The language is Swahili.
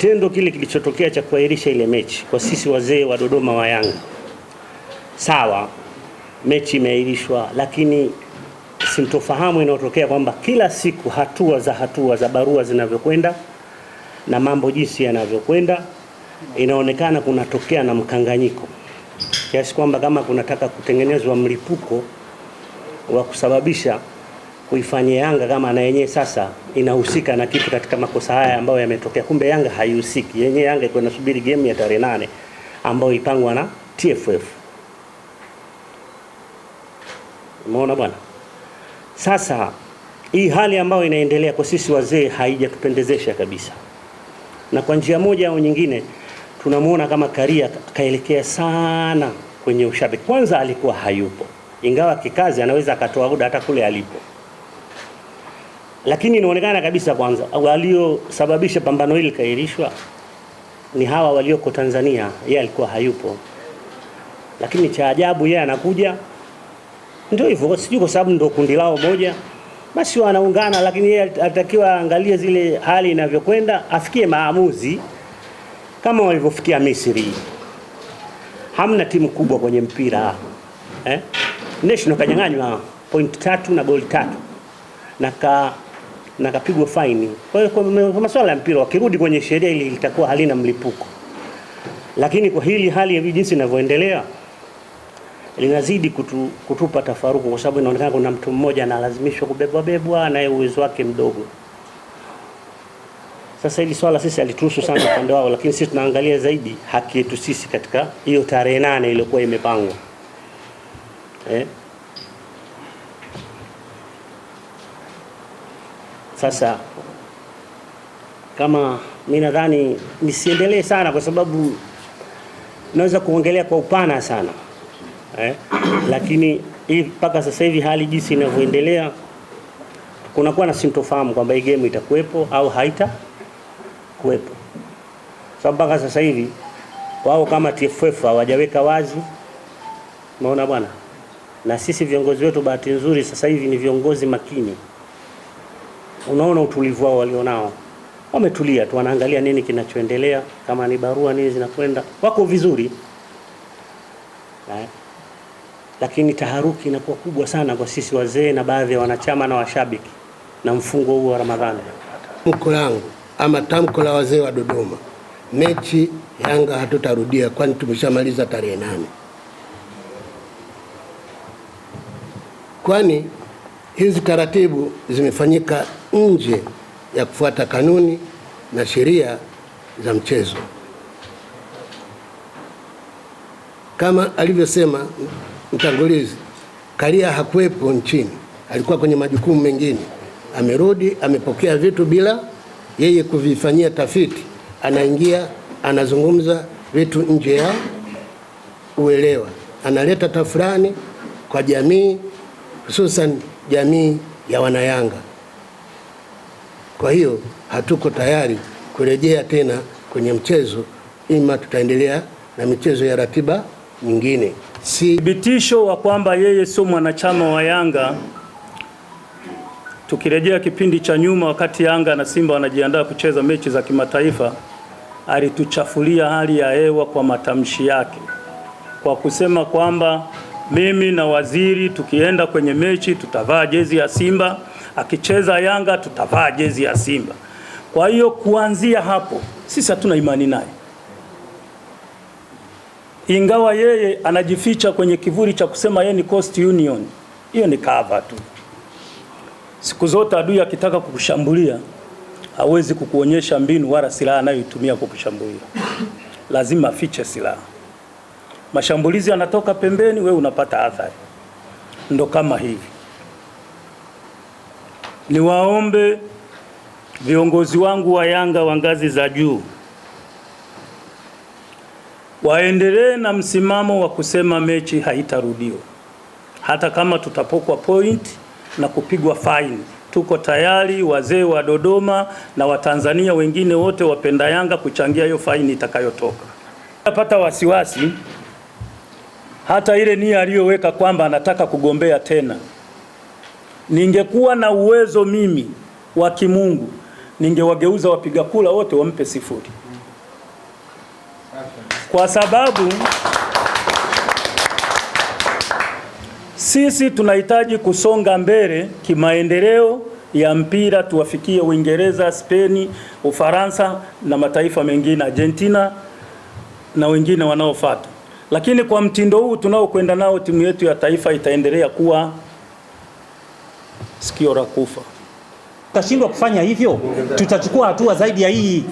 Tendo kile kilichotokea cha kuahirisha ile mechi kwa sisi wazee wa Dodoma wa Yanga, sawa, mechi imeahirishwa, lakini sintofahamu inayotokea kwamba kila siku hatua za hatua za barua zinavyokwenda na mambo jinsi yanavyokwenda, inaonekana kunatokea na mkanganyiko kiasi kwamba kama kunataka kutengenezwa mlipuko wa kusababisha kuifanyia Yanga kama na yenyewe sasa inahusika na kitu katika makosa haya ambayo yametokea. Kumbe Yanga haihusiki, yenyewe Yanga iko inasubiri game ya tarehe nane ambayo ipangwa na TFF. Umeona bwana, sasa hii hali ambayo inaendelea kwa sisi wazee haijatupendezesha kabisa, na kwa njia moja au nyingine tunamuona kama Karia kaelekea sana kwenye ushabiki. Kwanza alikuwa hayupo, ingawa kikazi anaweza akatoa muda hata kule alipo. Lakini inaonekana kabisa kwanza waliosababisha pambano hili kairishwa ni hawa walioko Tanzania, yeye alikuwa hayupo. Lakini cha ajabu yeye anakuja, ndio hivyo, sijui kwa sababu ndio kundi lao moja, basi wanaungana. Lakini yeye alitakiwa aangalie zile hali inavyokwenda, afikie maamuzi kama walivyofikia Misri. Hamna timu kubwa kwenye mpira eh? National kanyang'anywa point tatu na goli tatu na ka na kapigwa faini. Kwa hiyo kwa masuala ya mpira wakirudi kwenye sheria ili litakuwa halina mlipuko, lakini kwa hili hali ya jinsi inavyoendelea linazidi kutu, kutupa tafaruku, kwa sababu inaonekana kuna mtu mmoja analazimishwa kubebwa bebwa, na yeye uwezo wake mdogo. Sasa hili swala sisi alituhusu sana upande wao, lakini sisi tunaangalia zaidi haki yetu sisi katika hiyo tarehe nane iliyokuwa imepangwa eh? Sasa kama mimi nadhani nisiendelee sana kwa sababu naweza kuongelea kwa upana sana eh, lakini hii mpaka sasa hivi hali jinsi inavyoendelea kunakuwa na sintofahamu kwamba hii game itakuwepo au haita kuwepo, sababu mpaka sasa hivi wao kama TFF hawajaweka wazi, umeona bwana, na sisi viongozi wetu bahati nzuri sasa hivi ni viongozi makini unaona utulivu wao walionao, wametulia tu, wanaangalia nini kinachoendelea, kama ni barua nini zinakwenda, wako vizuri eh. Lakini taharuki inakuwa kubwa sana kwa sisi wazee na baadhi ya wanachama na washabiki na mfungo huu wa Ramadhani. Tamko langu ama tamko la wazee wa Dodoma, mechi Yanga hatutarudia, kwani tumeshamaliza tarehe nane kwani Hizi taratibu zimefanyika nje ya kufuata kanuni na sheria za mchezo. Kama alivyosema mtangulizi, Karia hakuwepo nchini, alikuwa kwenye majukumu mengine. Amerudi, amepokea vitu bila yeye kuvifanyia tafiti, anaingia anazungumza vitu nje ya uelewa, analeta tafurani kwa jamii hususan jamii ya Wanayanga. Kwa hiyo hatuko tayari kurejea tena kwenye mchezo, ima tutaendelea na michezo ya ratiba nyingine. Si thibitisho wa kwamba yeye sio mwanachama wa Yanga. Tukirejea kipindi cha nyuma, wakati Yanga na Simba wanajiandaa kucheza mechi za kimataifa, alituchafulia hali ya hewa kwa matamshi yake kwa kusema kwamba mimi na waziri tukienda kwenye mechi tutavaa jezi ya Simba, akicheza Yanga tutavaa jezi ya Simba. Kwa hiyo kuanzia hapo sisi hatuna imani naye, ingawa yeye anajificha kwenye kivuli cha kusema yeye ni Coast Union. Hiyo ni kava tu. Siku zote adui akitaka kukushambulia hawezi kukuonyesha mbinu wala silaha anayoitumia kukushambulia, lazima afiche silaha mashambulizi yanatoka pembeni, we unapata athari. Ndo kama hivi. Niwaombe viongozi wangu wa Yanga wa ngazi za juu waendelee na msimamo wa kusema mechi haitarudiwa, hata kama tutapokwa point na kupigwa faini. Tuko tayari, wazee wa Dodoma na Watanzania wengine wote wapenda Yanga kuchangia hiyo faini itakayotoka. Napata wasiwasi hata ile nia aliyoweka kwamba anataka kugombea tena. Ningekuwa na uwezo mimi wa kimungu, ningewageuza wapiga kura wote wampe sifuri, kwa sababu sisi tunahitaji kusonga mbele kimaendeleo ya mpira, tuwafikie Uingereza, Spain, Ufaransa na mataifa mengine, Argentina na wengine wanaofuata. Lakini kwa mtindo huu tunaokwenda nao, timu yetu ya taifa itaendelea kuwa sikio la kufa. Tutashindwa kufanya hivyo, tutachukua hatua zaidi ya hii.